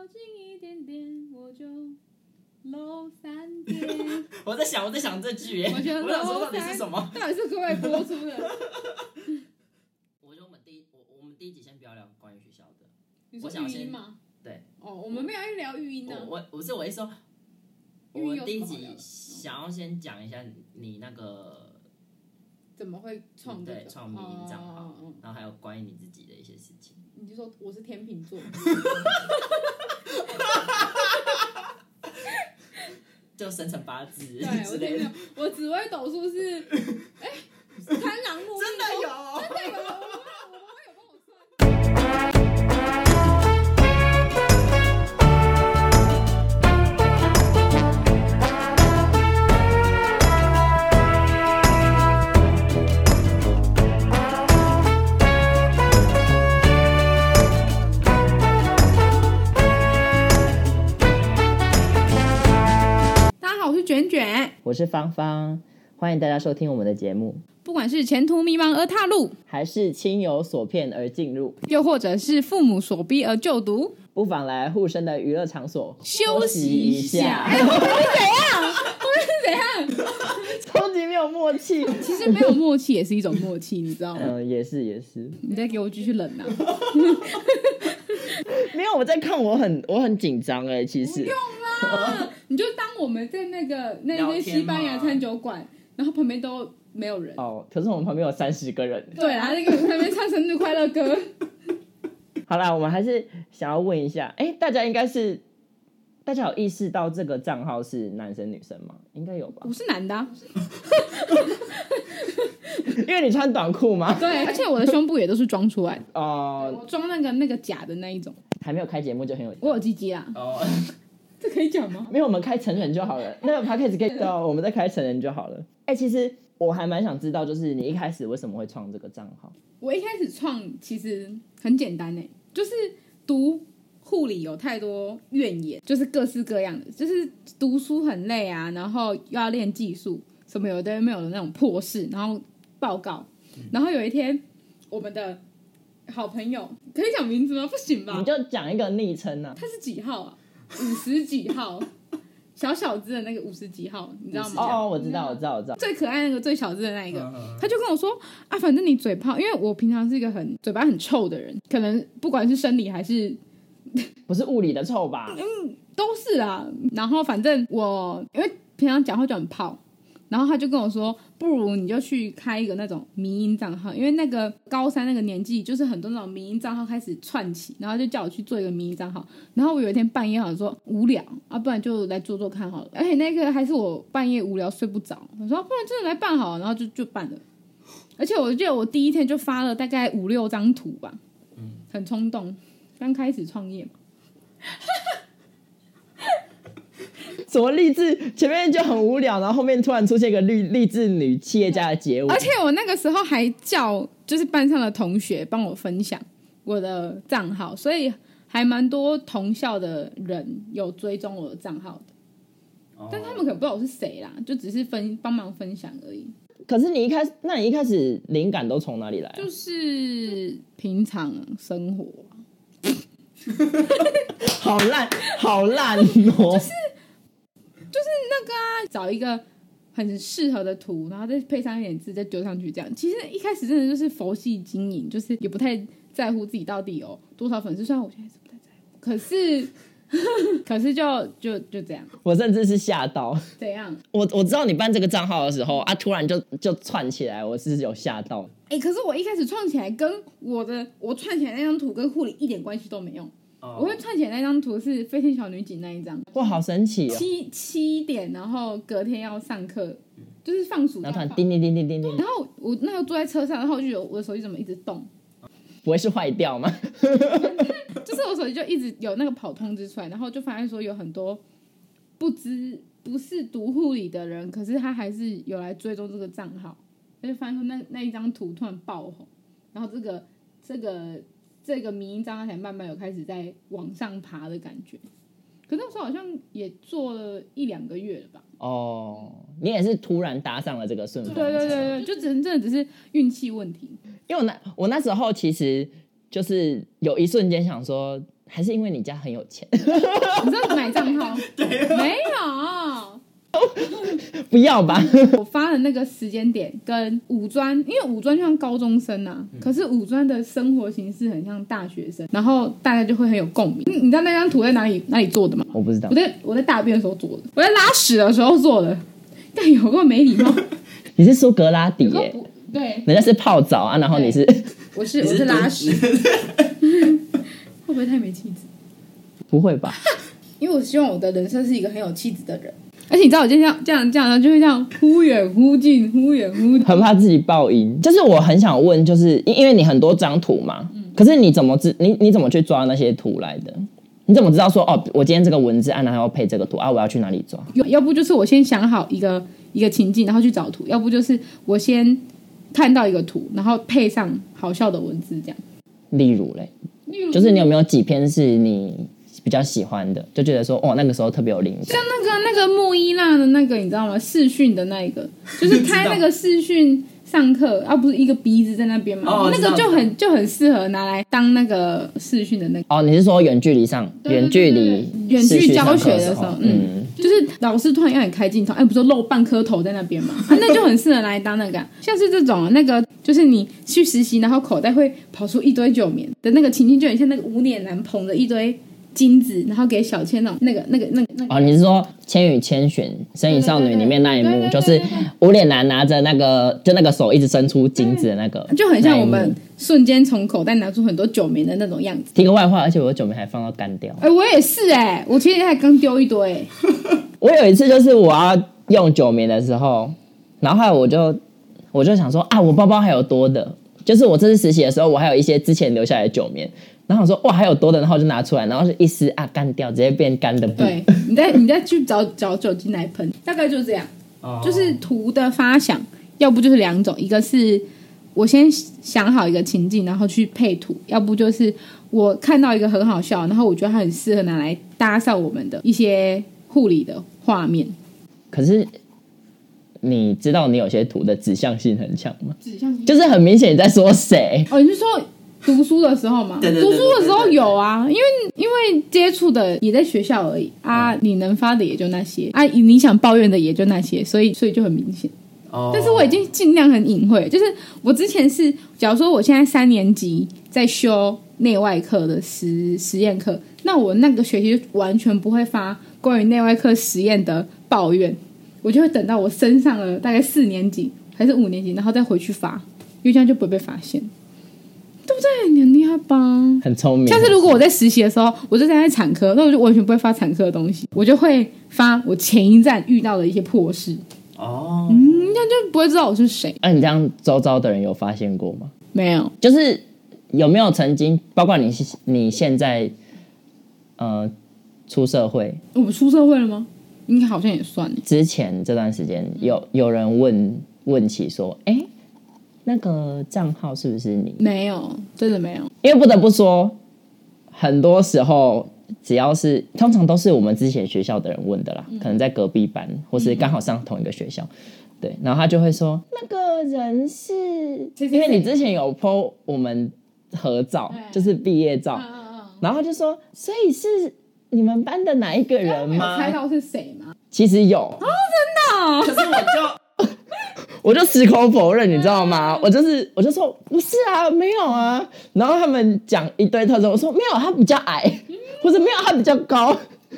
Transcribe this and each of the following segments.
靠近一點點，我就露三點。我在想，我在想這句，我想說到底是什麼？到底是昨晚播出的？我覺得我們第一，我我們第一集先不要聊關於學校的。你是御醫嗎？對。哦，我們沒有聊御醫呢。我我是我一說，我第一集想要先講一下你那個怎麼會創對創迷因賬號，然後還有關於你自己的一些事情。你就說我是天秤座， 就生辰八字對，我說之類的。我紫微斗數是，哎、 欸，貪狼木真的有，真的有。我是芳芳，歡迎大家收聽我們的節目。不管是前途迷茫而踏入，還是親友所騙而進入，又或者是父母所逼而就讀，就讀不妨來護生的娛樂場所休息一下。哎、後面是哈哈。怎樣？哈哈哈哈哈！ 超級沒有默契。其實沒有默契也是一種默契， 你知道嗎？嗯、呃，也是也是。你再給我繼續冷啊？ 沒有，我在看，我很我很緊張哎、欸，其實。我呃、你就當我們在那個那邊西班牙餐酒館，然後旁邊都沒有人哦。Oh, 可是我們旁邊有三十個人， 對，啊、那、在個旁邊唱生日快樂歌。 好了，我們還是想要問一下，哎、欸，大家應該是大家有意識到這個賬號是男生女生嗎？應該有吧？我是男的，因為你穿短褲嘛？對，而且我的胸部也都是裝出來的，哦、oh,，裝那個那個假的那一種。還沒有開節目就很有，我有雞雞啊。Oh. 這可以講嗎？沒有，我們開成人就好了。 那個 podcast 可以到，我們再開成人就好了。哎、欸，其實我還蠻想知道，就是你一開始為什麼會創這個賬號？我一開始創其實很簡單呢，就是讀護理有太多怨言，就是各式各樣的，就是讀書很累啊，然後又要練技術，什麼有的沒有的那種破事，然後報告，然後有一天我們的好朋友可以講名字嗎？不行吧？你就講一個昵稱啊。他是幾號啊？五十幾號， 小小只的那個五十幾號，你知道, oh, oh, 你知道嗎？哦，我知道，我知道，我知道，最可愛的那個最小只的那一個，uh huh. 他就跟我說啊，反正你嘴炮，因為我平常是一個很嘴巴很臭的人，可能不管是生理還是不是物理的臭吧，嗯,嗯，都是啦。然後反正我因為平常講話就很泡。然後他就跟我說，不如你就去開一個那種迷因帳號，因為那個高三那個年紀，就是很多那種迷因帳號開始竄起，然後就叫我去做一個迷因帳號。然後我有一天半夜好像說無聊啊，不然就來做做看好了。而且那個還是我半夜無聊睡不着，我說不然真的來辦好了，然後就就辦了。而且我記得我第一天就發了大概五六張圖吧，很衝動，剛開始創業嘛 怎麼勵志？前面就很無聊，然後後面突然出現一個勵勵志女企業家的結尾。而且我那個時候還叫就是班上的同學幫我分享我的賬號，所以還蠻多同校的人有追蹤我的賬號的。Oh. 但他們可能不知道我是誰啦，就只是分幫忙分享而已。可是你一開始，那你一開始靈感都從哪裡來啊？就是平常生活啊 好爛，好爛，好爛哦。就是。就是那個啊，找一個很適合的圖，然後再配上一點字，再丟上去這樣。其實一開始真的就是佛系經營，就是也不太在乎自己到底有、喔、多少粉絲。雖然我現在還是不太在乎，可是， 可是就就就這樣。我甚至是嚇到。怎樣？我我知道你辦這個賬號的時候啊，突然就就竄起來，我是有嚇到。哎、欸，可是我一開始創起來，跟我的我串起來那張圖跟護理一點關係都沒有。Oh. 我會串起來那張圖是飛天小女警那一張，哇，好神奇、哦！七七點，然後隔天要上課，嗯、就是放暑假。然後然後我那個坐在車上，然後就有我，我的手機怎麼一直動，啊、不會是壞掉嗎 ？就是我手機就一直有那個跑通知出來，然後就發現說有很多不知不是讀護理的人，可是他還是有來追蹤這個賬號，他就發現說那那一張圖突然爆紅，然後這個這個。這個迷因帳號才慢慢有開始在往上爬的感覺，可是那時候好像也做了一兩個月了吧？哦，oh, 你也是突然搭上了這個順風車？對對對對，就真的只是運氣問題。因為我那我那時候其實就是有一瞬間想說，還是因為你家很有錢， 你知道你買賬號？ 我沒有。 不要吧！ 我發的那個時間點跟五專，因為五專就像高中生啊，可是五專的生活形式很像大學生，然後大家就會很有共鳴。你知道那張圖在哪裡哪裡做的嗎？我不知道。我在我在大便的時候做的，我在拉屎的時候做的。但有夠沒禮貌！ 你是蘇格拉底耶、欸？對，人家是泡澡啊，然後你是？我是我是拉屎， 會不會太沒氣質？不會吧？ 因為我希望我的人生是一個很有氣質的人。而且你知道，我就像這樣這樣，然後就會像忽遠忽近、忽遠忽近，很怕自己爆音。就是我很想問，就是因因為你很多張圖嘛，嗯，可是你怎麼知你你怎麼去抓那些圖來的？你怎麼知道說哦，我今天這個文字按然後要配這個圖啊？我要去哪裡抓？要不就是我先想好一個一個情境，然後去找圖；要不就是我先看到一個圖，然後配上好笑的文字，這樣。例如嘞，就是你有沒有幾篇是你？比較喜歡的，就覺得說，哦，那個時候特別有靈性。像那個那個木伊娜的那個，你知道嗎？視訊的那個，就是開那個視訊上課啊，不是一個鼻子在那邊嘛，哦、那個就很就很適合拿來當那個視訊的那個。哦，你是說遠距離上，遠距離，遠距教學的時候，嗯，嗯就是老師突然要你開鏡頭，哎、欸，不是露半顆頭在那邊嘛、啊，那就很適合拿來當那個、啊， 像是這種那個，就是你去實習，然後口袋會跑出一堆酒棉的那個情境，就很像那個無臉男捧着一堆。金子，然後給小千那種那個那個那個那。哦，你是說《千與千尋》？對對對對，《神隱少女》裡面那一幕，對對對對，就是對對對對，無臉男拿着那個，就那個手一直伸出金子的那個，就很像我們瞬間從口袋拿出很多酒棉的那種樣子。聽個外話，而且我的酒棉還放到乾掉。哎、欸，我也是哎、欸，我其實還剛丟一堆、欸。 我有一次就是我要用酒棉的時候，然後，後來我就我就想說啊，我包包還有多的，就是我這次實習的時候，我還有一些之前留下來的酒棉。然後說哇，還有多的，然後就拿出來，然後是一撕，啊乾掉，直接變乾的。對，你再你再去找 找酒精來噴，大概就是這樣。Oh. 就是圖的發想，要不就是兩種，一個是我先想好一個情境，然後去配圖，要不就是我看到一個很好笑，然後我覺得它很適合拿來搭上我們的一些護理的畫面。可是你知道，你有些圖的指向性很強嗎？指向性就是很明顯，你在說誰？哦，你是說？讀書的時候嘛， 讀書的時候有啊，對對對對對因為因為接觸的也在學校而已、哦、啊，你能發的也就那些啊，你想抱怨的也就那些，所以所以就很明顯。哦。但是我已經儘量很隱晦，就是我之前是，假如說我現在三年級在修內外科的實實驗課，那我那個學期完全不會發關於內外科實驗的抱怨，我就會等到我升上了大概四年級還是五年級，然後再回去發，因為這樣就不會被發現。對不對？你很厲害吧？很聰明。下次如果我在實習的時候， 我就在那產科，那我就完全不會發產科的東西，我就會發我前一站遇到的一些破事。哦，嗯，那就不會知道我是誰。那、啊、你這樣周遭的人有發現過嗎？沒有。就是有沒有曾經，包括你，你現在，呃，出社會？我們出社會了嗎？應該好像也算了。之前這段時間，有有人問問起說，哎。那個賬號是不是你？沒有，真的沒有。因為不得不說，很多時候只要是，通常都是我們之前學校的人問的啦，可能在隔壁班，或是剛好上同一個學校，對，然後他就會說那個人是，因為你之前有 PO 我們合照，就是畢業照，然後就說，所以是你們班的哪一個人嗎？猜到是誰嗎？其實有哦，真的，可是我就。我就矢口否認，對你知道嗎？我就是，我就說不是啊，沒有啊。然後他們講一堆特徵，我說沒有，他比較矮，或者、嗯、沒有，他比較高，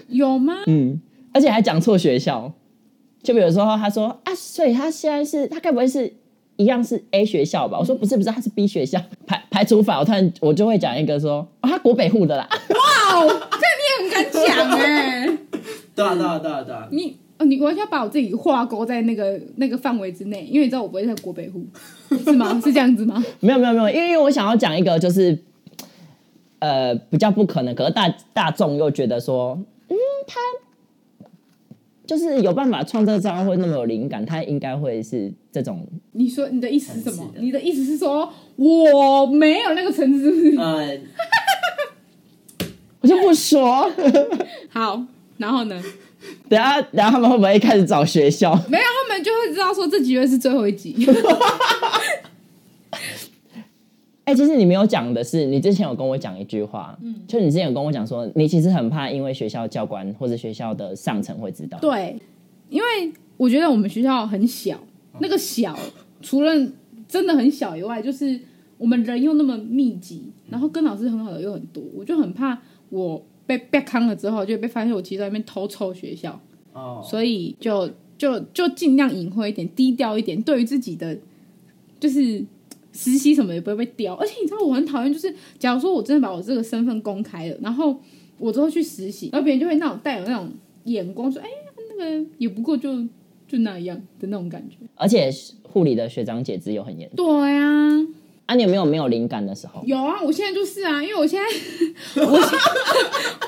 有嗎？嗯，而且還講錯學校。就比如說，他說啊，所以他現在是，他該不會是,不會是一樣是 A 學校吧？我說不是，不是，他是 B 學校。排排除法，我突然我就會講一個說，啊、他國北護的啦。哇哦， 這你也很敢講哎、欸！對啊，對啊，對啊，對啊。啊啊啊嗯、你。你完全要把我自己畫勾在那個那個範圍之內，因為你知道我不會在國北護是嗎？ 是這樣子嗎？沒有沒有沒有，因為我想要講一個就是，呃，比較不可能，可是大大眾又覺得說，嗯，他就是有辦法創這招，會那麼有靈感，他應該會是這種。你說你的意思是什麼？你的意思是說我沒有那個層次？呃、 我就不說。 好，然後呢？等下，等下，他們會不會一開始找學校？沒有，他們就會知道說這幾月是最後一集。哎、 欸，其實你沒有講的是，你之前有跟我講一句話，嗯，就你之前有跟我講說，你其實很怕，因為學校教官或者學校的上層會知道。對，因為我覺得我們學校很小，嗯、那個小除了真的很小以外，就是我們人又那麼密集，嗯、然後跟老師很好的又很多，我就很怕我。被被坑了之後，就被發現我其實在那邊偷臭學校，oh. 所以就就就盡量隱晦一點，低調一點，對於自己的就是實習什麼，也不會被叼。而且你知道，我很討厭，就是假如說我真的把我這個身份公開了，然後我之後去實習，然後別人就會那種帶有那種眼光說：“哎，欸，那個也不過就就那樣的那種感覺。”而且護理的學長姐資又很嚴，對呀，啊。那、啊、你有沒有沒有靈感的時候？有啊，我現在就是啊，因為我現在我現在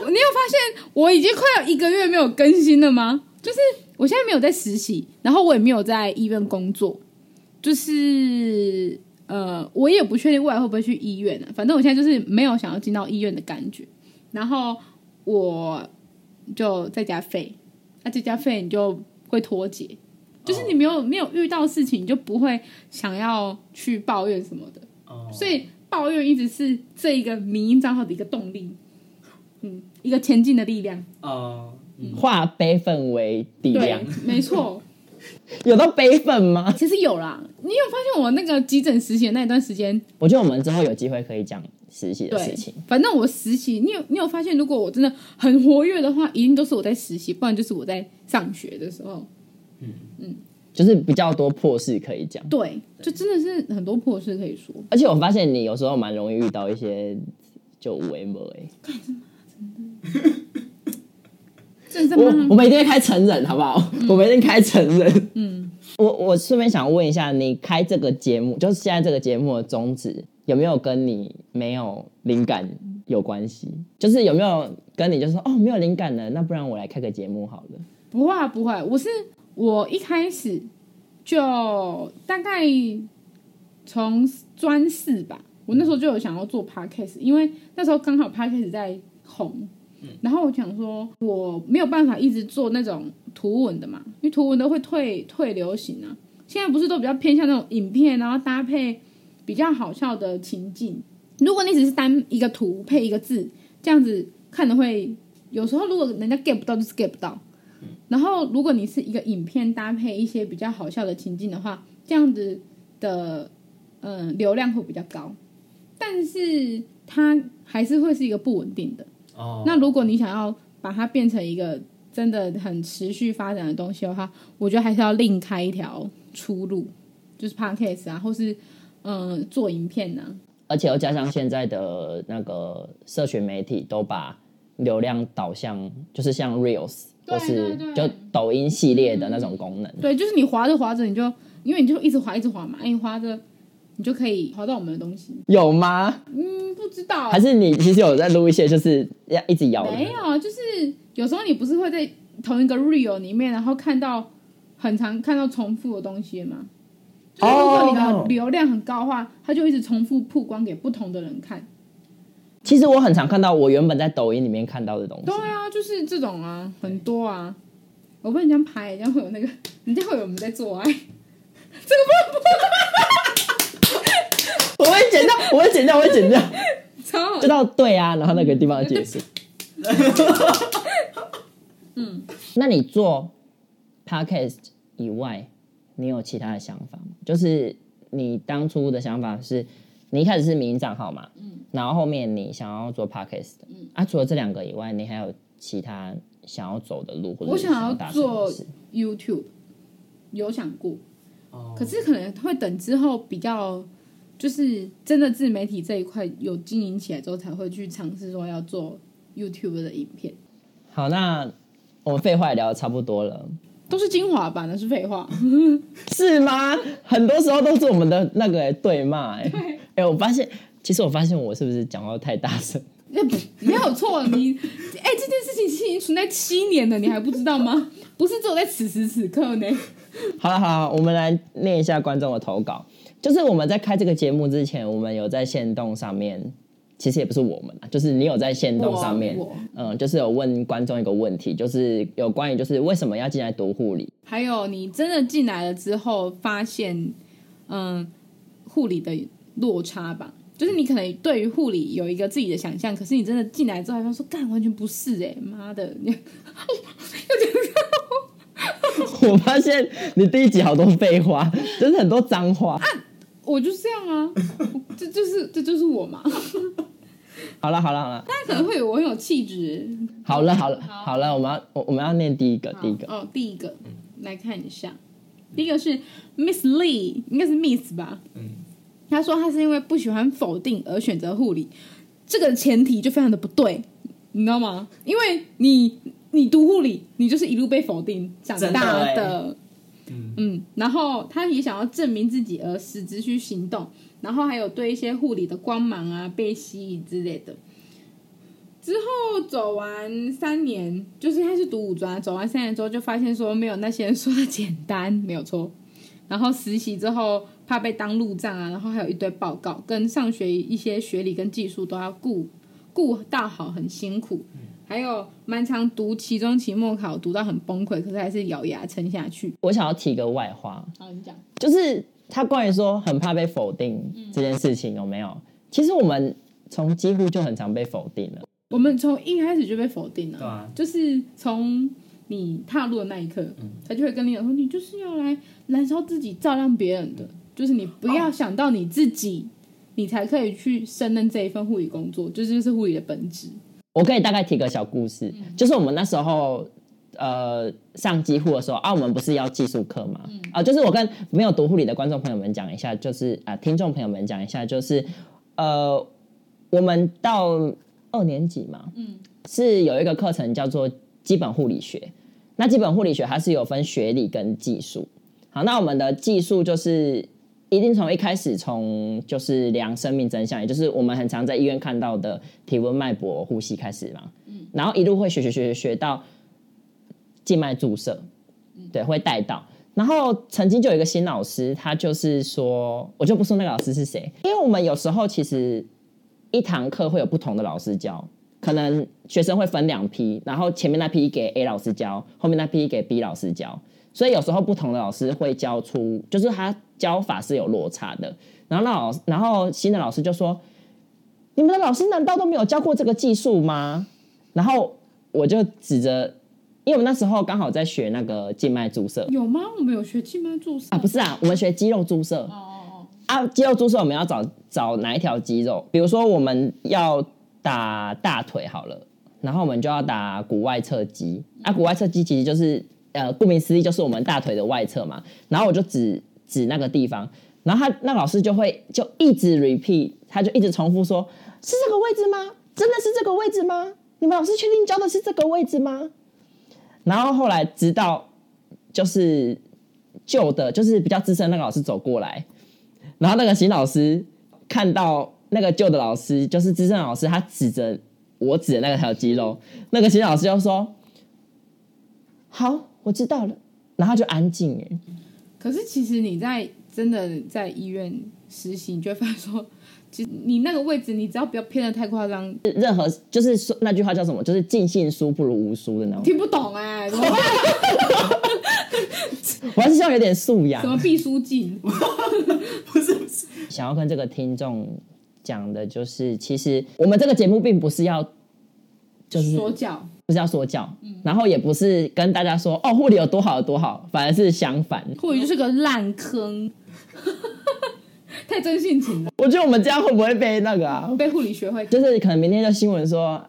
你有發現我已經快要一個月沒有更新了嗎？就是我現在沒有在實習，然後我也沒有在醫院工作，就是呃，我也不確定未來會不會去醫院呢。反正我現在就是沒有想要進到醫院的感覺，然後我就在家廢，那，這家廢你就會脫節，就是你沒有、oh. 你沒有遇到事情，你就不會想要去抱怨什麼的。所以抱怨一直是這一個迷因帳號的一個動力，嗯、一個前進的力量。哦、呃，嗯、化悲憤為力量，沒錯。 有到悲憤嗎？其實有啦。你有發現我那個急診實習那一段時間？我覺得我們之後有機會可以講實習的事情。反正我實習，你有你有發現，如果我真的很活躍的話，一定都是我在實習，不然就是我在上學的時候。嗯嗯。就是比較多破事可以講，對，對就真的是很多破事可以說。而且我發現你有時候蠻容易遇到一些就猥瑣。哎，真的， 我我一定會開成人，好不好？嗯、我們一定開成人。嗯，我我順便想問一下，你開這個節目，就是現在這個節目的宗旨，有沒有跟你沒有靈感有關係？就是有沒有跟你就是說哦，沒有靈感呢？那不然我來開個節目好了？不會、啊、不會、啊，我是。我一開始就大概從專四吧，我那時候就有想要做 podcast，因為那時候剛好 podcast 在紅，然後我想說我沒有辦法一直做那種圖文的嘛，因為圖文都會退退流行啊。現在不是都比較偏向那種影片，然後搭配比較好笑的情境。如果你只是單一個圖配一個字，這樣子看的會有時候，如果人家 get 不到，就是 get 不到。然後，如果你是一個影片搭配一些比較好笑的情境的話，這樣子的嗯流量會比較高，但是它還是會是一個不穩定的哦。Oh. 那如果你想要把它變成一個真的很持續發展的東西的話，我覺得還是要另開一條出路，就是 podcast 啊，或是嗯做影片呢、啊。而且又加上現在的那個社群媒體都把流量導向，就是像 Reels。或是就抖音系列的那種功能，嗯、對，就是你滑着滑着，你就因為你就一直滑一直滑嘛，哎，滑着你就可以滑到我們的東西，有嗎？嗯，不知道，還是你其實有在錄一些，就是要一直搖？沒有，就是有時候你不是會在同一個 reel 裡面，然後看到很常看到重複的東西嗎？就如果你的流量很高的話，它就一直重複曝光給不同的人看。其實我很常看到，我原本在抖音裡面看到的東西。對啊，就是這種啊，很多啊。對我被人家拍，人家會有那個，人家會有我們在做愛。這個不不播。 我會剪掉，我會剪掉，我會剪掉。知道 超到對啊，然後那個地方的解釋。 嗯，那你做 podcast 以外，你有其他的想法嗎？就是你當初的想法是？你一開始是迷因賬號嘛？嗯。然後後面你想要做 podcast 嗯。啊，除了這兩個以外，你還有其他想要走的路、路的？或者我想要做 YouTube，有想過，哦。Oh, okay. 可是可能會等之後比較，就是真的自媒體這一塊有經營起來之後，才會去嘗試說要做 YouTube 的影片。好，那我們廢話也聊得差不多了，都是精華版，那是廢話， 是嗎？很多時候都是我們的那個對罵哎。哎、欸，我發現，其實我發現我是不是講話太大聲了？那沒有錯，你哎、欸，這件事情是已經存在七年了，你還不知道嗎？不是只有在此時此刻呢。好了、啊，好、啊，了，我們來念一下觀眾的投稿。就是我們在開這個節目之前，我們有在限動上面，其實也不是我們、啊，就是你有在限動上面，嗯，就是有問觀眾一個問題，就是有關於就是為什麼要進來讀護理？還有你真的進來了之後，發現嗯護理的。落差吧，就是你可能對於護理有一個自己的想象，嗯、可是你真的進來之後，他說：“幹完全不是哎、欸，媽的！”又覺得， 我發現你第一集好多廢話，真、就是很多髒話、啊。我就是這樣啊， 這就是這就是我嘛。 好了好了好了，大家可能會有我很有氣質。好了好了好了，我們要我，我們要念第一個第一個哦第一個，來看一下，嗯、第一個是 Miss Lee，應該是 Miss 吧？嗯他說：“他是因為不喜歡否定而選擇護理，這個前提就非常的不對，你知道嗎？因為你，你讀護理，你就是一路被否定長大的，真的欸、嗯，嗯，然後他也想要證明自己，而使之去行動。然後還有對一些護理的光芒啊，被吸引之類的。之後走完三年，就是他是讀五專，走完三年之後就發現說沒有那些人說的簡單，沒有錯。然後實習之後。”怕被當路障啊，然後還有一堆報告，跟上學一些學理跟技術都要顧顧，顧到。好，很辛苦，嗯、還有蠻常讀期中、期末考，讀到很崩潰，可是還是咬牙撐下去。我想要提個外話。好，你講。就是他關於說很怕被否定這件事情有沒有？嗯、其實我們從幾乎就很常被否定了，我們從一開始就被否定了，對啊，就是從你踏入的那一刻，嗯、他就會跟你講說，你就是要來燃燒自己，照亮別人的。嗯就是你不要想到你自己，oh. 你才可以去勝任這一份護理工作，這就是護理的本質。我可以大概提個小故事，嗯、就是我們那時候呃上基護的時候啊，我們不是要技術課嘛？啊、嗯呃，就是我跟沒有讀護理的觀眾朋友們講一下，就是呃聽眾朋友們講一下，就是呃我們到二年級嘛，嗯，是有一個課程叫做基本護理學。那基本護理學它是有分學理跟技術，好，那我們的技術就是。一定從一開始，從就是量生命徵象，也就是我們很常在醫院看到的體溫、脈搏、呼吸開始嘛。嗯，然後一路會學學學學到靜脈注射，對，會帶到。嗯，然後曾經就有一個新老師，他就是說，我就不說那個老師是誰，因為我們有時候其實一堂課會有不同的老師教，可能學生會分兩批，然後前面那批給 A 老師教，後面那批給 B 老師教。所以有時候不同的老師會教出，就是他教法是有落差的。然後那老，然後新的老師就說：“你們的老師難道都沒有教過這個技術嗎？”然後我就指着，因為我們那時候剛好在學那個靜脈注射，有嗎？我們有學靜脈注射啊，不是啊，我們學肌肉注射。哦哦哦。啊，肌肉注射我們要找找哪一條肌肉？比如說我們要打大腿好了，然後我們就要打股外側肌。啊，股外側肌其實就是。呃，顧名思義就是我們大腿的外側嘛，然後我就指指那個地方，然後他那個、老師就會就一直 repeat，他就一直重複說，是這個位置嗎？真的是這個位置嗎？你們老師確定教的是這個位置嗎？然後後來直到就是舊的，就是比較資深的那個老師走過來，然後那個新老師看到那個舊的老師，就是資深老師，他指着我指的那個條肌肉，那個新老師就說，好。我知道了，然後就安靜。誒，可是其實你在真的在醫院實習，你就會發現說，其實你那個位置，你只要不要偏得太誇張。任何就是說那句話叫什麼？就是盡信書不如無書的那種。聽不懂哎、欸，麼 我還是希望有點素養。什麼必輸盡？ 不是，不是，想要跟這個聽眾講的就是，其實我們這個節目並不是要，就是說教。不是要說教，嗯、然後也不是跟大家說哦，護理有多好有多好，反而是相反，護理就是個爛坑， 太真性情了。我覺得我們這樣會不會被那個啊？嗯、被護理學會就是可能明天就新聞說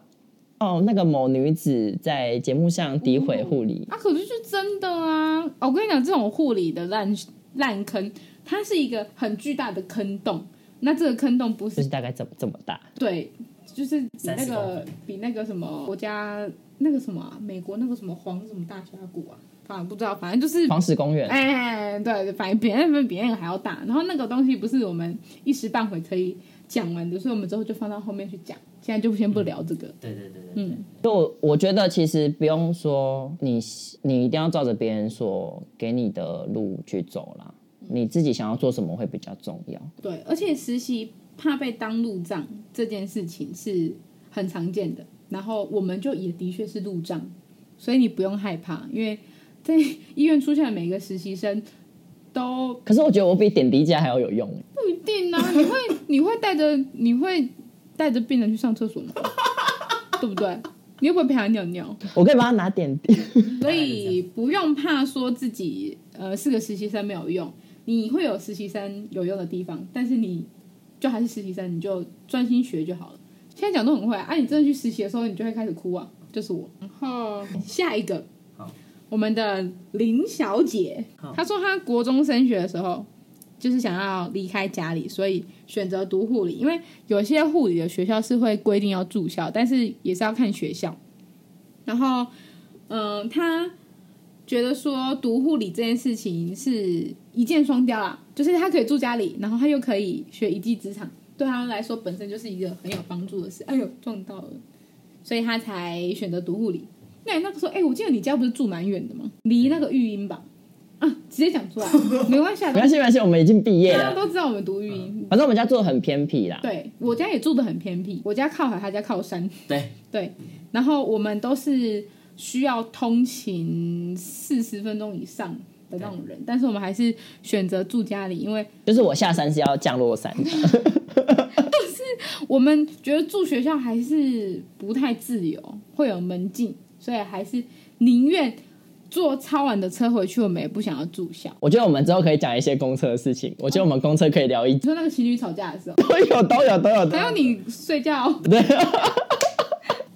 哦，那個某女子在節目上詆毀護理，哦，啊，可是是真的啊！我，哦，跟你講，這種護理的爛爛坑，它是一個很巨大的坑洞。那這個坑洞不是，就是大概這麼，這麼大？對，就是那個比那個什麼國家。那個什麼、啊，美國那個什麼黃什麼大峽谷啊，反正不知道，反正就是黃石公園。哎，哎，哎，對，反正比那個比那個還要大。然後那個東西不是我們一時半會可以講完的，嗯、所以我們之後就放到後面去講。現在就先不聊這個。嗯、對，對對對對，嗯，就我，我覺得其實不用說，你你一定要照着別人所給你的路去走啦，嗯、你自己想要做什麼會比較重要。對，而且實習怕被當路障這件事情是很常見的。然後我們就也的確是路障，所以你不用害怕，因為在醫院出現的每一個實習生都……可是我覺得我比點滴架還要有用！不一定啊！你會你會帶着你會帶着病人去上廁所嗎？ 對不對？你會不會陪他尿尿？我可以幫他拿點滴， 所以不用怕說自己呃是個實習生沒有用，你會有實習生有用的地方，但是你就還是實習生，你就專心學就好了。現在講都很會啊！啊你真的去實習的時候，你就會開始哭啊，就是我。然後下一個，好我們的林小姐，好她說她國中升學的時候，就是想要離開家裡，所以選擇讀護理，因為有些護理的學校是會規定要住校，但是也是要看學校。然後，嗯，她覺得說讀護理這件事情是一箭雙雕啊，就是她可以住家裡，然後她又可以學一技之長。對他來說，本身就是一個很有幫助的事。哎呦，撞到了，所以他才選擇讀物理。那那個說，哎、欸，我記得你家不是住蠻遠的嗎？離那個育英吧？啊，直接講出來， 沒關係， 沒關係，沒關係，我們已經畢業了，大家都知道我們讀育英，嗯。反正我們家住的很偏僻啦。對，我家也住的很偏僻，我家靠海，他家靠山。對對，然後我們都是需要通勤四十分鐘以上。對那種人，但是我們還是選擇住家裡，因為就是我下山是要降落傘。但 是，我們覺得住學校還是不太自由，會有門禁，所以還是寧願坐超晚的車回去。我們也不想要住校。我覺得我們之後可以講一些公車的事情。嗯、我覺得我們公車可以聊一，就說那個情侶吵架的時候，都有都有都有還有你睡覺。對啊，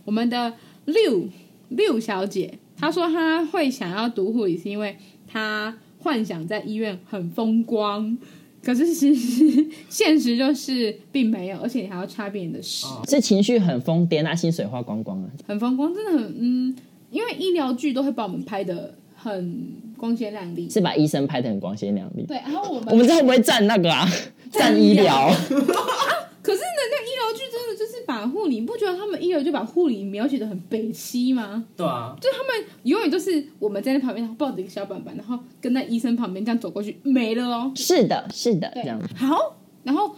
我們的六六小姐她說她會想要讀護理，是因為。他幻想在醫院很風光，可是其實現實就是並沒有，而且你還要插別人的事。哦、是，這情緒很瘋癲，那薪水花光光了，啊，很風光，真的很，嗯，因為醫療劇都會把我們拍的很光鮮亮麗，是把醫生拍的很光鮮亮麗，對，然後我們我們這會不會佔那個啊？佔醫療 佔醫療、 哦啊、可是呢，那個、醫療劇真的就是。把護理，你不覺得他們醫療就把護理描寫得很悲淒嗎？對啊，就他們永遠都是我們在那旁邊，然後抱着一個小板板，然後跟在醫生旁邊這樣走過去，沒了哦。是的，是的，對這樣好。然後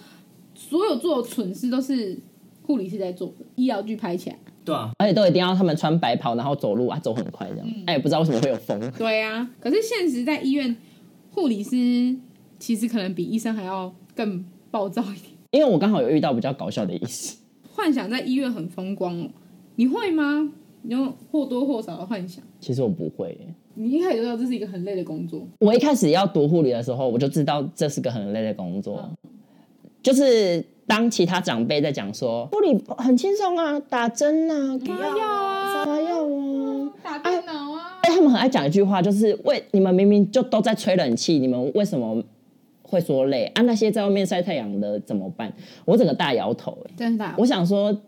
所有做的蠢事都是護理師在做醫療劇拍起來，對啊，而且都一定要他們穿白袍，然後走路啊走很快這樣，哎、嗯欸，不知道為什麼會有風。對啊，可是現實在醫院，護理師其實可能比醫生還要更暴躁一點，因為我剛好有遇到比較搞笑的意思。幻想在醫院很風光、哦、你會嗎？你用或多或少的幻想。其實我不會。你一開始就知道這是一個很累的工作。我一開始要讀護理的時候，我就知道這是個很累的工作。哦、就是當其他長輩在講說護理很輕鬆啊，打針啊，給藥啊，打啊，啊打電腦啊，他們很愛講一句話，就是喂，你們明明就都在吹冷氣，你們為什麼？會說累啊？那些在外面曬太陽的怎麼辦？我整個大搖頭、欸。真的？我想說，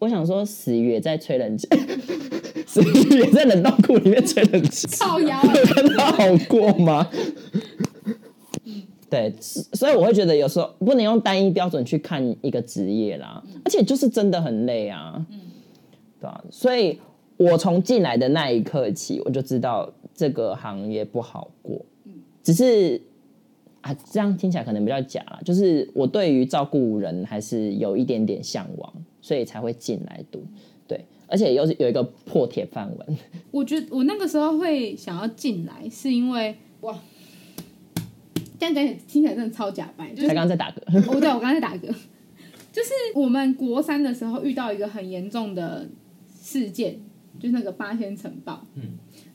我想說，十月在吹冷氣， 十月在冷凍庫裡面吹冷氣，好 好過嗎？對，對，所以我會覺得有時候不能用單一標準去看一個職業啦。嗯、而且就是真的很累啊。嗯、對啊。所以我從進來的那一刻起，我就知道這個行業不好過。嗯、只是。啊，這樣聽起來可能比較假了。就是我對於照顧人還是有一點點向往，所以才會進來讀。對，而且又是有一個破鐵飯碗。我覺得我那個時候會想要進來，是因為哇，這樣講起聽起來真的超假掰。就是、他剛剛在打嗝。哦，對，我剛剛在打嗝。 就是我們國三的時候遇到一個很嚴重的事件，就是那個八仙塵爆、嗯、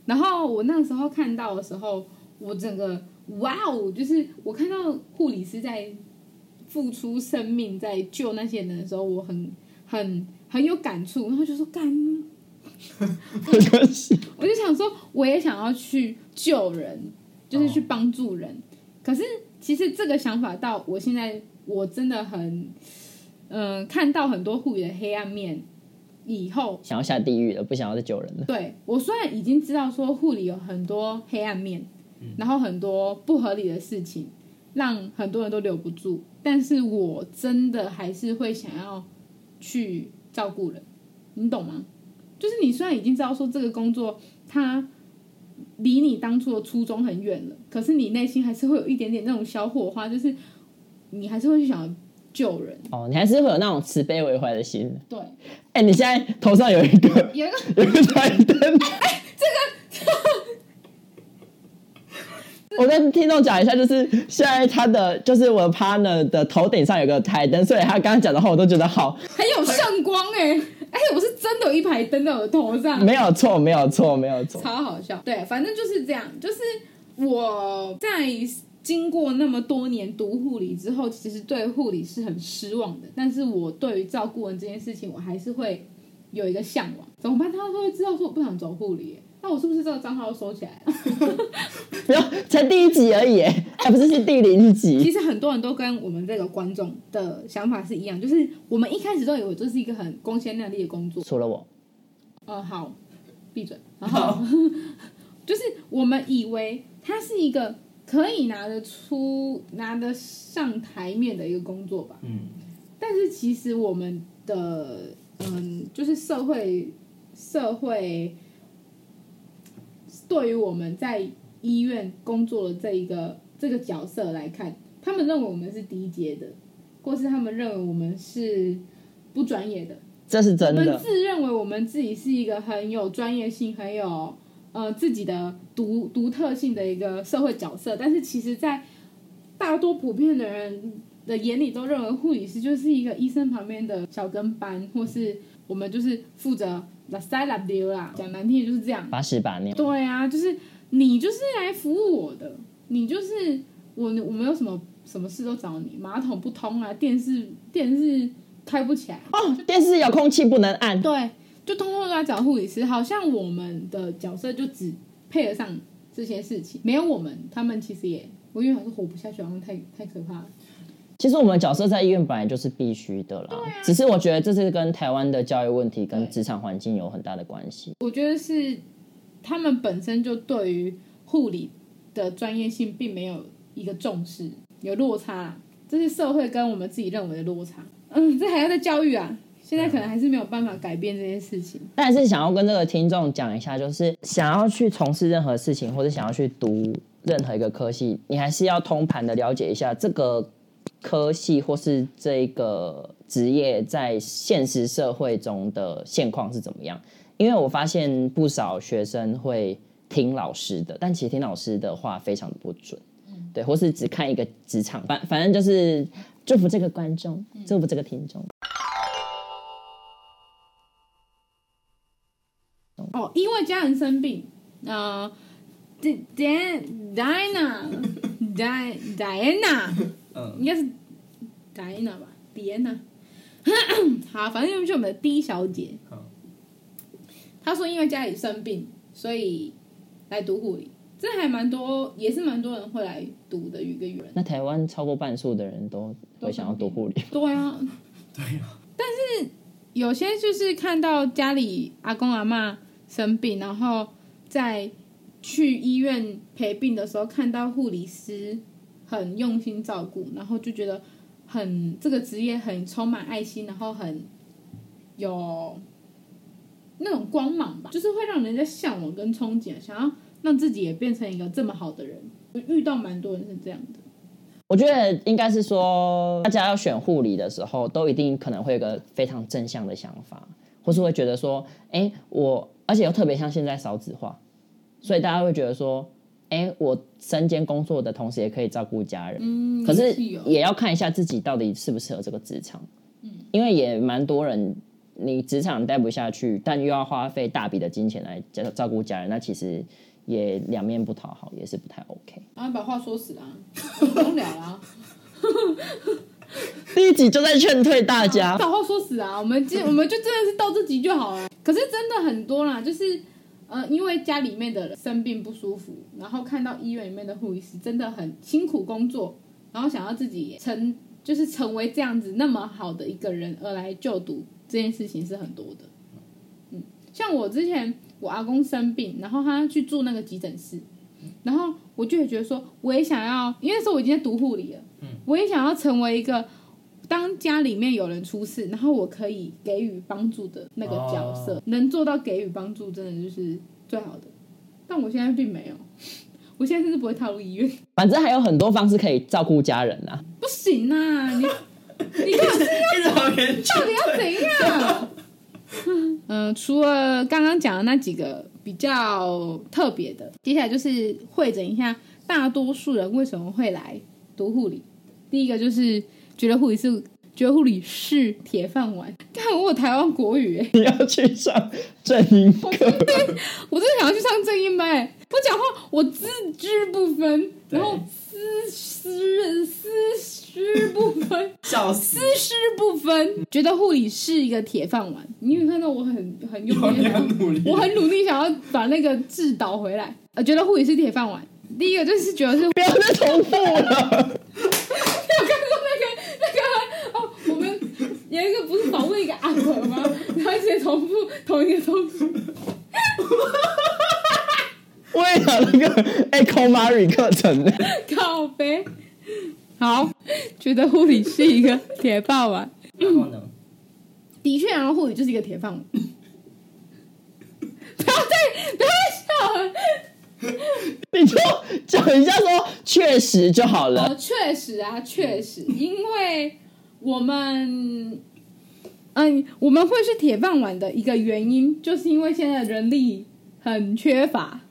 然後我那個時候看到的時候，我整個。哇哦！Wow, 就是我看到護理師在付出生命，在救那些人的時候，我很很很有感觸。然後就說幹沒關係， 我就想說我也想要去救人，就是去幫助人。哦、可是其實這個想法到我現在，我真的很嗯、呃，看到很多護理的黑暗面以後，想要下地獄了，不想要再救人了。對，我雖然已經知道說護理有很多黑暗面。然後很多不合理的事情，讓很多人都留不住。但是我真的還是會想要去照顧人，你懂嗎？就是你雖然已經知道說這個工作它離你當初的初衷很遠了，可是你內心還是會有一點點那種小火花，就是你還是會想要救人。哦，你還是會有那種慈悲為懷的心。對，哎、欸，你現在頭上有一個，有一個，有個台燈。哎、 欸，這個。我跟聽眾講一下，就是現在他的，就是我 partner 的頭頂上有個台燈，所以他剛剛講的話，我都覺得好，很有聖光哎、欸，哎、欸欸，我是真的有一排燈在我的頭上，沒有錯，沒有錯，沒有錯，超好笑，對，反正就是這樣，就是我在經過那麼多年讀護理之後，其實對護理是很失望的，但是我對於照顧人這件事情，我還是會有一個向往。怎麼辦？他都會知道說我不想走護理、欸？那我是不是這個賬號要收起來了？ 沒有，才第一集而已，還、哎、不是，是第零集。其實很多人都跟我們這個觀眾的想法是一樣，就是我們一開始都以為這是一個很光鮮亮麗的工作。除了我。嗯，好，閉嘴。好然後就是我們以為它是一個可以拿得出、拿得上台面的一個工作吧。嗯。但是其實我們的嗯，就是社會社會。對於我們在醫院工作的這一個這個角色來看，他們認為我們是低階的，或是他們認為我們是不專業的。這是真的。我們自認為我們自己是一個很有專業性、很有呃自己的獨獨特性的一個社會角色，但是其實，在大多普遍的人的眼裡，都認為護理師就是一個醫生旁邊的小跟班，或是。我們就是負責拉屎拉尿啦，講難聽也就是這樣，把屎把尿。對啊，就是你就是來服務我的，你就是我，我沒有什麼什麼事都找你，馬桶不通啊，電視電視開不起來哦，電視有空氣不能按，對，就通通都來找護理師，好像我們的角色就只配得上這些事情，沒有我們，他們其實也，我因為我是活不下去，因太太可怕了。其實我們角色在醫院本來就是必須的啦，啊、只是我覺得這是跟台灣的教育問題跟職場環境有很大的關係。我覺得是他們本身就對於護理的專業性並沒有一個重視，有落差，這是社會跟我們自己認為的落差。嗯，這還要在教育啊，現在可能還是沒有辦法改變這件事情。對但還是想要跟這個聽眾講一下，就是想要去從事任何事情，或者想要去讀任何一個科系，你還是要通盤的了解一下這個。科系，或是這個職業在現實社會中的現況是怎麼樣？因為我發現不少學生會聽老師的，但其實聽老師的話非常的不準，嗯、對，或是只看一個職場，反反正就是祝福這個觀眾，嗯、祝福這個聽眾。哦、嗯，oh, 因為家人生病。啊、uh,D D Diana, Diana. 應該是戴娜吧，迪安娜 好，反正就是我們的 D 小姐。好。她說因為家裡生病，所以來讀護理。這還蠻多，也是蠻多人會來讀的一個原因。那台灣超過半數的人都都想要讀護理。對啊， 對啊。但是有些就是看到家裡阿公阿媽生病，然後在去醫院陪病的時候，看到護理師。很用心照顧，然後就覺得很這個職業很充滿愛心，然後很有那種光芒吧，就是會讓人家嚮往跟憧憬，想要讓自己也變成一個這麼好的人。遇到蠻多人是這樣的。我覺得應該是說，大家要選護理的時候，都一定可能會有一個非常正向的想法，或是會覺得說，哎、欸，我，而且又特別像現在少子化，所以大家會覺得說。嗯哎、欸，我身兼工作的同時也可以照顧家人，嗯、可是也要看一下自己到底適不適合這個職場。嗯、因為也蠻多人，你職場待不下去，但又要花費大筆的金錢來照顧家人，那其實也兩面不討好，也是不太 OK。啊，把話說死了啊， 我不用聊了、啊。 第一集就在勸退大家、啊，把話說死了啊！我們今 我們就真的是到這集就好了、欸。可是真的很多啦，就是。呃，因為家裡面的人生病不舒服，然後看到醫院裡面的護理師真的很辛苦工作，然後想要自己成，就是成為這樣子那麼好的一個人而來就讀，這件事情是很多的。嗯，像我之前我阿公生病，然後他去住那個急診室，然後我就也覺得說，我也想要，因為那時候我已經在讀護理了，嗯，我也想要成為一個。當家裡面有人出事，然後我可以給予幫助的那個角色，oh. 能做到給予幫助，真的就是最好的。但我現在並沒有，我現在甚至不會踏入醫院。反正還有很多方式可以照顧家人啊。不行啊，你 你，你到底 到底要怎樣？ 嗯，除了剛剛講的那幾個比較特別的，接下來就是彙整一下大多數人為什麼會來讀護理。第一個就是。覺得護理是覺得護理是鐵飯碗。看我有台灣國語、欸，你要去上正音課我？我真的想要去上正音班，欸。不講話，我自知不分，對然後思思不分，笑死，詩詩不分。嗯、覺得護理是一個鐵飯碗。你有沒有看到我很很用力？我很努力想要把那個字倒回來。我覺得護理是鐵飯碗。第一個就是覺得是不要再重複了。 那個不是同一個阿伯嗎？而且同步同一個衝突。我也 那個 e c o m a r y 課程。靠北，好，覺得護理是一個鐵飯碗。不可能。的確，然後護理就是一個鐵飯碗 你。你就講一下說確實就好了。確、呃、實啊，確實，因為我們。嗯，我們會是鐵飯碗的一個原因，就是因為現在人力很缺乏，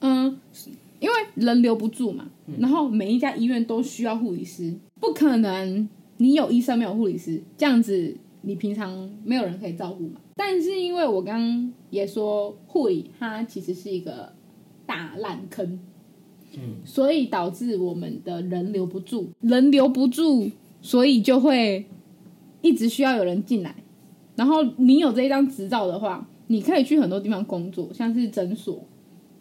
嗯，因為人留不住嘛。然後每一家醫院都需要護理師，不可能你有醫生沒有護理師，這樣子你平常沒有人可以照顧嘛。但是因為我剛剛也說護理它其實是一個大爛坑，嗯，所以導致我們的人留不住，人留不住，所以就會。一直需要有人進來，然後你有這一張執照的話，你可以去很多地方工作，像是診所，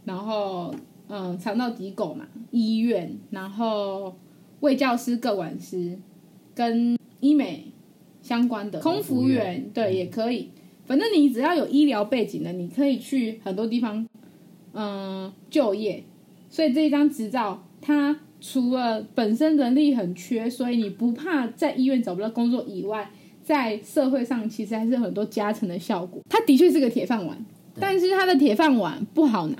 然後嗯，長照機構嘛，醫院，然後衛教師、個管師，跟醫美相關的空服員，服務員對，也可以。反正你只要有醫療背景的，你可以去很多地方嗯就業。所以這一張執照它。除了本身人力很缺，所以你不怕在醫院找不到工作以外，在社會上其實還是很多加成的效果。他的確是個鐵飯碗，對但是他的鐵飯碗不好拿。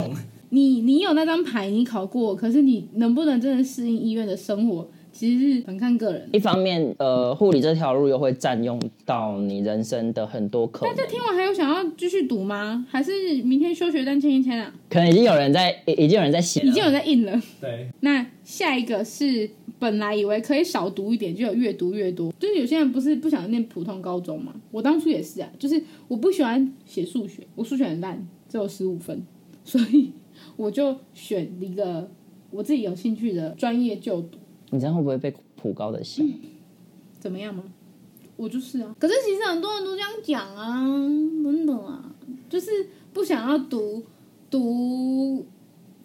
你你有那張牌，你考過，可是你能不能真的適應醫院的生活？其實是很看個人。一方面，呃，護理這條路又會佔用到你人生的很多課。大家聽完還有想要繼續讀嗎？還是明天休學單簽一簽啊？可能已經有人在，已經有人在寫，已經有人在印了。對，那下一個是本來以為可以少讀一點，就有越讀越多。就是有些人不是不想念普通高中嗎？我當初也是啊，就是我不喜歡寫數學，我數學很爛，只有十五分，所以我就選一個我自己有興趣的專業就讀。你知道會不會被普高的限、嗯？怎麼樣嗎？我就是啊。可是其實很多人都這樣講啊，真的啊，就是不想要讀讀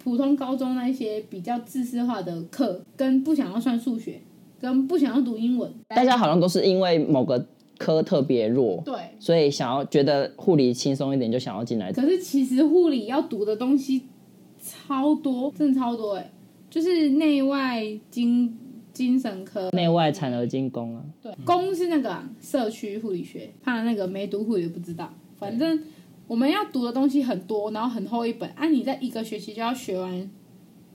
普通高中那些比較知識化的課，跟不想要算數學，跟不想要讀英文。大家好像都是因為某個科特別弱，對，所以想要覺得護理輕鬆一點就想要進來。可是其實護理要讀的東西超多，真的超多哎、欸。就是內外精精神科，內外產兒精工啊，對，公、嗯、是那個、啊、社區護理學，怕那個沒讀護理就不知道。反正我們要讀的東西很多，然後很厚一本，啊，你在一個學期就要學完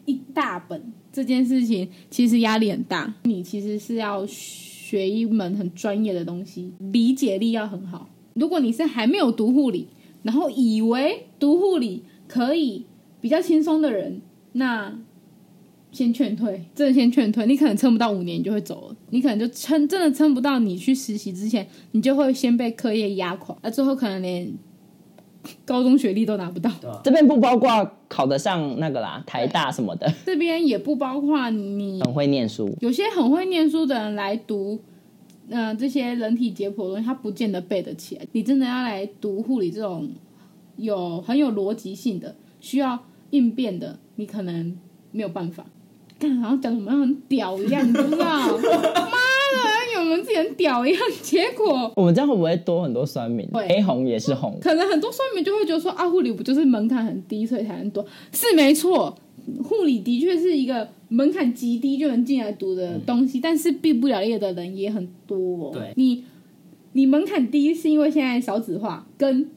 一大本，這件事情其實壓力很大。你其實是要學一門很專業的東西，理解力要很好。如果你是還沒有讀護理，然後以為讀護理可以比較輕鬆的人，那。先勸退，真的先勸退。你可能撐不到五年你就會走了，你可能就撐，真的撐不到你去實習之前，你就會先被課業壓垮，啊，最後可能連高中學歷都拿不到。這邊不包括考得上那個啦，台大什麼的。這邊也不包括你很會念書，有些很會念書的人來讀，嗯、呃，這些人體解剖的東西，他不見得背得起來。你真的要來讀護理這種有很有邏輯性的、需要應變的，你可能沒有辦法。然後講什麼很屌一樣，你不知道嗎？ 媽的，有人自己很屌一樣，結果我們這樣會不會多很多酸民？對，黑紅也是紅，可能很多酸民就會覺得說，啊，護理不就是門檻很低，所以才能多？是沒錯，護理的確是一個門檻極低就能進來讀的東西，嗯、但是畢不了業的人也很多。對，你你門檻低是因為現在少子化，跟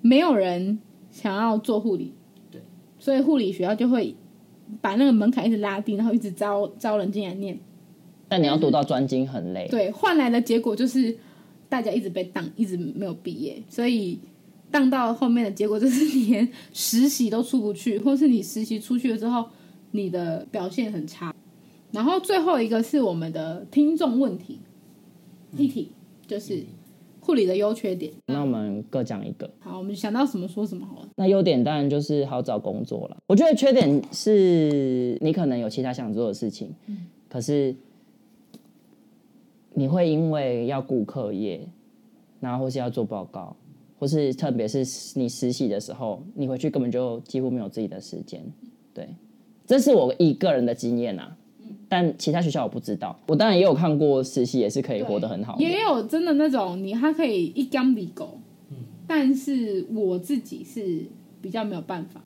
沒有人想要做護理，對，所以護理學校就會。把那個門檻一直拉低，然後一直招招人進來念。但你要讀到專精很累，就是、對換來的結果就是大家一直被擋，一直沒有畢業。所以擋到後面的結果就是連實習都出不去，或是你實習出去了之後，你的表現很差。然後最後一個是我們的聽眾問題，嗯、一題就是。嗯護理的優缺點，那我們各講一個。好，我們想到什麼說什麼好了。那優點當然就是好找工作了。我覺得缺點是，你可能有其他想做的事情，嗯，可是你會因為要顧課業，然後或是要做報告，或是特別是你實習的時候，你回去根本就幾乎沒有自己的時間。對，這是我一個人的經驗啊。但其他學校我不知道，我當然也有看過實習，也是可以活得很好。也有真的那種，你他可以一槍比狗。嗯，但是我自己是比較沒有辦法。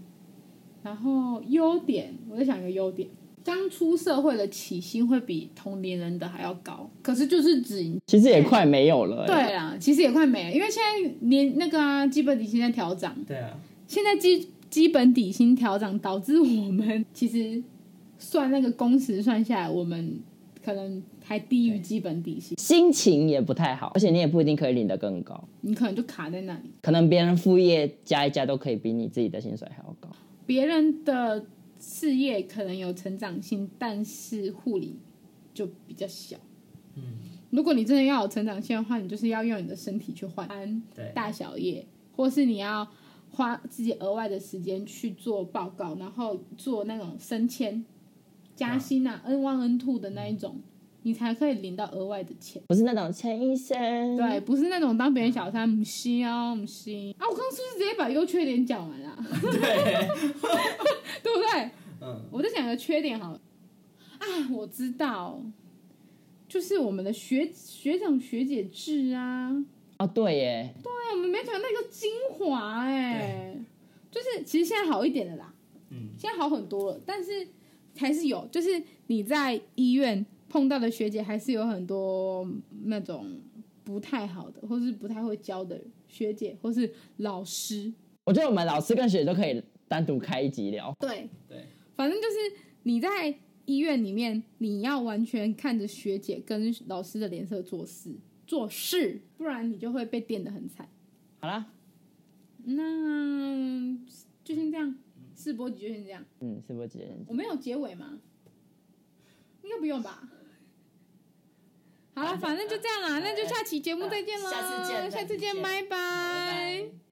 然後優點，我在想一個優點，剛出社會的起薪會比同齡人的還要高，可是就是指其實也快沒有了，欸。對啊，其實也快沒了，因為現在連那個啊基本底薪在調漲。對啊，現在基基本底薪調漲，導致我們其實。算那個工時算下來，我們可能還低於基本底薪，心情也不太好，而且你也不一定可以領得更高，你可能就卡在那裡。可能別人副業加一加都可以比你自己的薪水還要高，別人的事業可能有成長性，但是護理就比較小。嗯，如果你真的要有成長性的話，你就是要用你的身體去換，大小夜，對或是你要花自己額外的時間去做報告，然後做那種升遷。加薪吶，N one N two 的那一種，你才可以領到額外的錢。不是那種陳醫生，對，不是那種當別人小三，唔母心啊！我剛是不是直接把優缺點講完了？對耶， 對不對？嗯、我就講個缺點好了。啊，我知道，就是我們的學學長學姐制啊。啊，對耶，對，我們沒講那個精華哎、欸，對就是其實現在好一點了啦，嗯，現在好很多了，但是。還是有，就是你在醫院碰到的學姐，還是有很多那種不太好的，或是不太會教的學姐，或是老師。我覺得我們老師跟學姐都可以單獨開一集聊。對對，對，反正就是你在醫院裡面，你要完全看着學姐跟老師的臉色做事，做事，不然你就會被電得很慘。好啦，那就先這樣。試播集就先這樣。嗯，試播集先我沒有結尾嗎？應該不用吧。啊、好了，反正就這樣了，啊、那就下期節目再見啦、啊！下次見，下次見，次見，拜拜。拜拜。